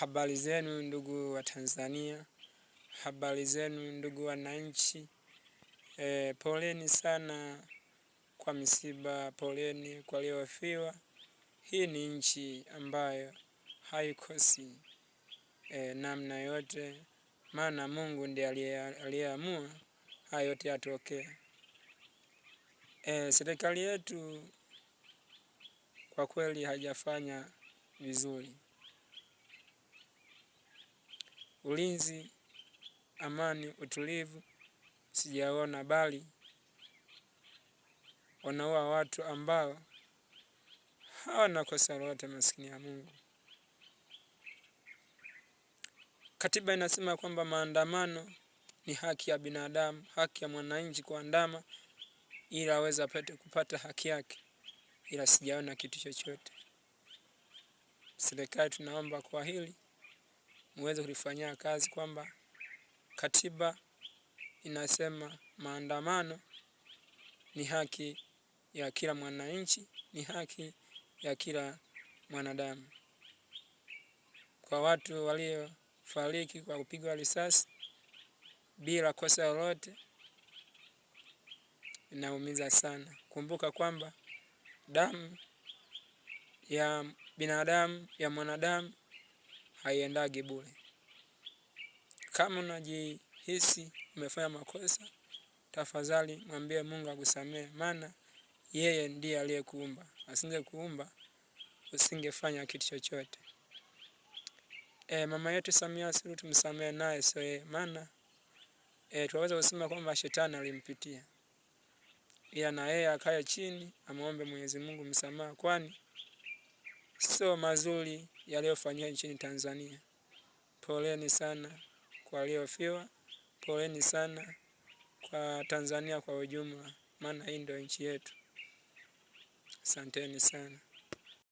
Habari zenu ndugu wa Tanzania, habari zenu ndugu wananchi. E, poleni sana kwa misiba, poleni kwa waliofiwa. Hii ni nchi ambayo haikosi e, namna yote, maana Mungu ndiye aliyeamua haya yote yatokea. E, serikali yetu kwa kweli haijafanya vizuri ulinzi, amani, utulivu sijaona, bali wanaua watu ambao hawana kosa lolote, maskini ya Mungu. Katiba inasema kwamba maandamano ni haki ya binadamu, haki ya mwananchi kuandama ili aweze apate kupata haki yake, ila sijaona kitu chochote. Serikali tunaomba kwa hili muweze kulifanyia kazi kwamba katiba inasema maandamano ni haki ya kila mwananchi, ni haki ya kila mwanadamu. Kwa watu waliofariki kwa kupigwa risasi bila kosa lolote, inaumiza sana. Kumbuka kwamba damu ya binadamu ya mwanadamu haiendagi bure. Kama unajihisi umefanya makosa, tafadhali mwambie Mungu akusamehe, maana yeye ndiye aliyekuumba. Asingekuumba usingefanya kitu chochote. E, mama yetu Samia Suluhu tumsamehe naye, sio yeye, maana e, tunaweza kusema kwamba shetani alimpitia, ila na yeye akae chini amwombe Mwenyezi Mungu msamaha, kwani sio mazuri yaliyofanyika nchini Tanzania. Poleni sana kwa waliofiwa, poleni sana kwa Tanzania kwa ujumla, maana hii ndio nchi yetu. Asanteni sana.